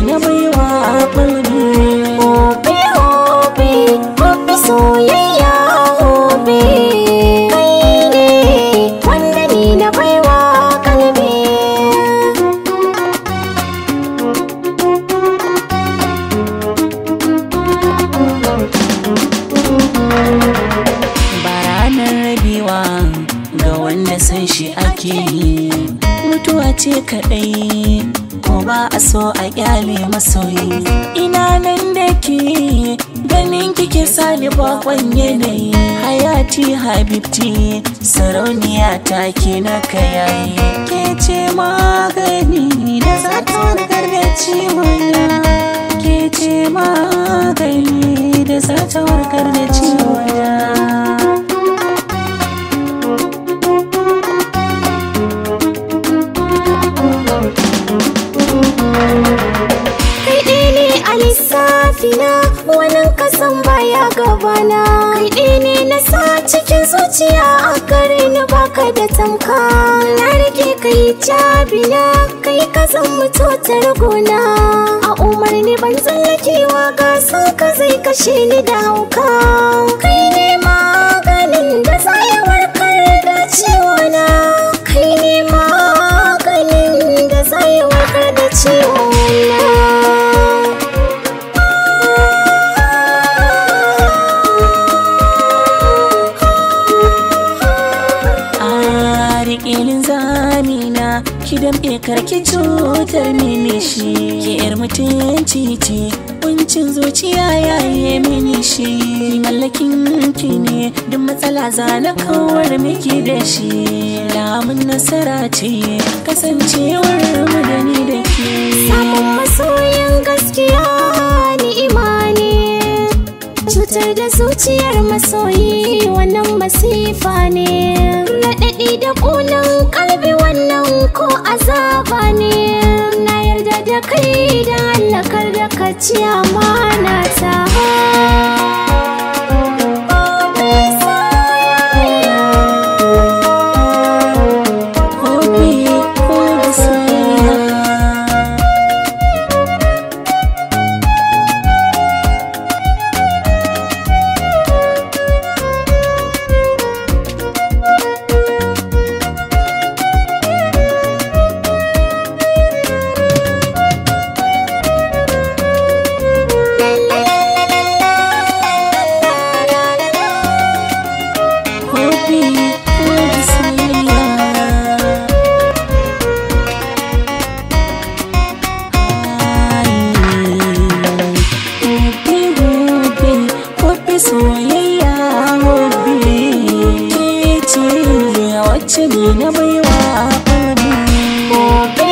na baiwa a ɓarni Obe obe mafi soyayya obe Kai ne wanda ni na baiwa kalbi Ba ranar rabewa ga wanda san shi ake yi mutuwa ce kaɗai ko ba a so a kyale masoyi ina nan da ke ganin kike sani bakon yanayi hayati habibti sarauniya ta ke na kayayi ke ce magani da zata na gargaci wani lissafina wani kasan baya gabana kai ne na sa cikin zuciya a kare ni baka da tamka na rike kai jabina kai kasan mutotar gona a umarni ban tsallakewa gasa ka zai kashe ni da hauka kai ne karki cutar mini shi ke yar mutunci ce kuncin zuciya yaye mini shi mallakin ki ne duk matsala za na kawar miki da shi lamun nasara ce kasancewar mu da zuciyar masoyi wannan masifa ne naɗaɗi da ƙunan ƙalbi wannan ko azaba ne na yarda da kai da hallakar da ka ciya mana ta sani na baiwa a ƙarni